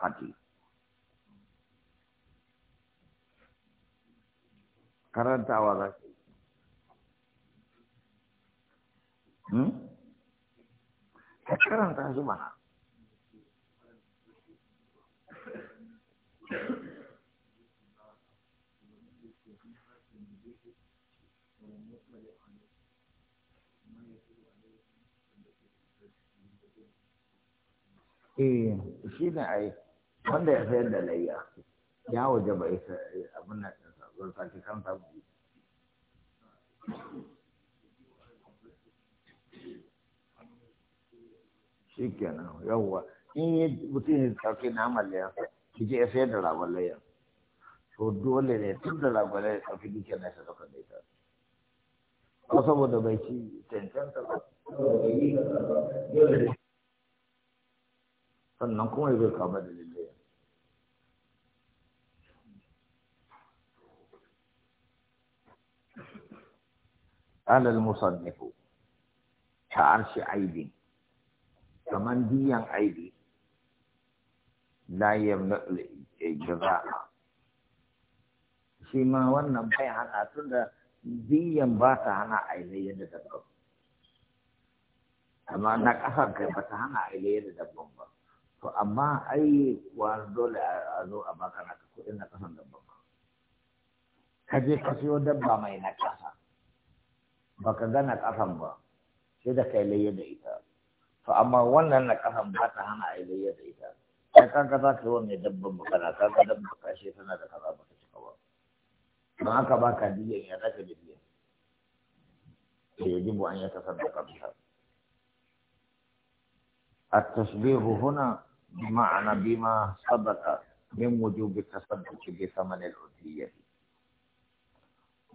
haƙi karantawa za ka hmm? ka karanta Eh, shi ne a yi. wanda ya sayar da layya ya waje ba isa abin nan ɗinsa zurfa ki kan samu shi kenan yawwa in yi mutum ya ɗauki na layyansa ki je ya sayar da ragon layyan to dole ne tun da ragon layyan ɗauki dukiyar nasa ɗaukar da ita ko saboda bai ci cancanta ba sannan kuma yi zai kama da alal musannifu ta arshi aibi, kaman diyan aibi la yamna jaza'a shi ma wannan bai hana tunda diyan ba ta hana aile yadda ta ɗauka amma na ƙasar kai ba ta hana aile yadda dabban ba to amma ai wa dole a zo a baka na kuɗin na ƙasar dabban ka je ka siyo dabba mai na ƙasa baka gana ƙasan ba sai da kai layya da ita to amma wannan na ƙasan ba ta hana ai yi layya da ita kai kan ka ta yi ne dabban ba kana ka ka dabba shi tana da kaza ba ta cika ba don haka ba ka diyan ya zaka da diyan sai yaji bu an ya tasaddaka biha التشبيه هنا بمعنى بما سبق من وجوب التصدق بثمن الأذية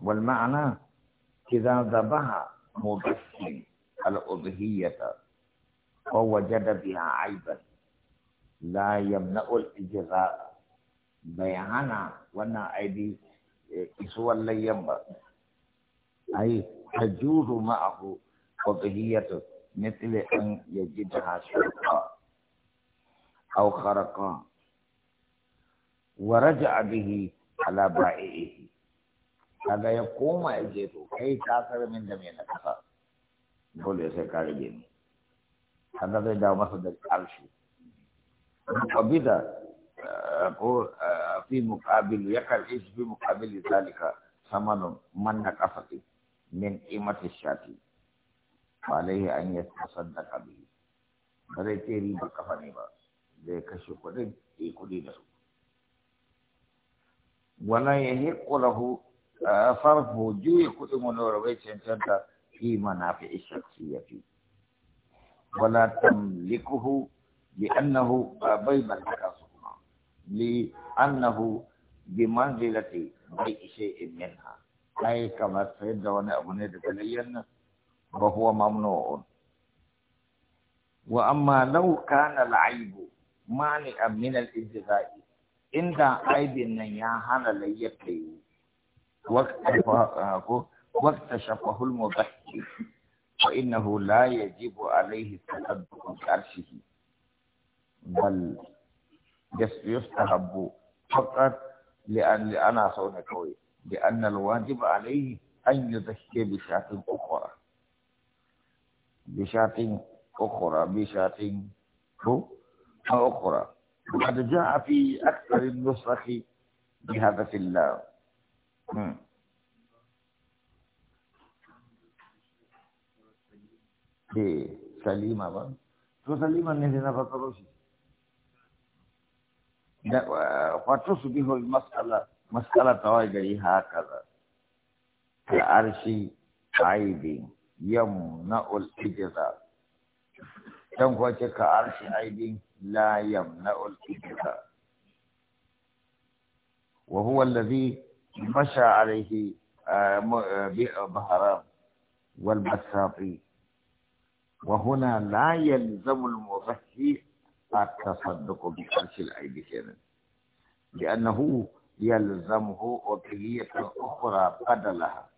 والمعنى إذا ذبح مبشر الأضحية ووجد بها عيبا لا يمنع الإجزاء بيعنا وانا أيدي إسوى الليم أي تجوز معه أضحية مثل أن يجدها شرقا أو خرقا ورجع به على بائعه kaga ya koma ya je to kai ka sar min da me na kafa dole sai ka rage ni kaga zai da masa da alshi abida eh, ko eh, fi muqabil ya karbi fi muqabil zalika samanu man na kafati min imati shati alaihi an yatasaddaqa bi bare ce riba kafa ne ba zai kashe kuɗin ya kuɗi da su wala ya lahu صرف آه، وجوه كل منور ويسن تنتا في منافع الشخصية ولا تملكه لأنه بيب الحكاس لأنه بمنزلة بيء شيء منها أي كما سيد دواني أبو نيد تلين وهو ممنوع وأما لو كان العيب مانئا من الانتظار عند عيب النياحان ليبقي شفه المضحي فإنه لا يجب عليه التقدم بعرشه بل يستحب فقط لأن أنا صوت قوي لأن الواجب عليه أن يضحي بشاة أخرى بشاة أخرى بشاة أخرى وقد جاء في أكثر النسخ بهذا في الله eh salima ba to salima ne da na fasaro shi da wato su biho mas'ala mas'ala tawai gari haka da al'arshi aibin yamna'ul ijza dan kuwa ce ka arshi aibin la yamna'ul ijza وهو الذي مشى عليه آه، آه، بئر بهرام والبساطي وهنا لا يلزم المضحي التصدق بفرش الأيدي كذا لأنه يلزمه وقية أخرى بدلها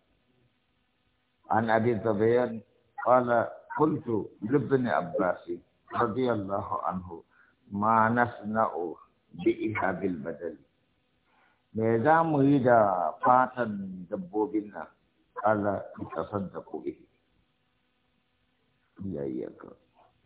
عن أبي الزبير قال قلت لابن عباس رضي الله عنه ما نصنع بإيهاب البدل me za mu yi da fatan dabbobin nan Allah ya sadda ku iyayyaka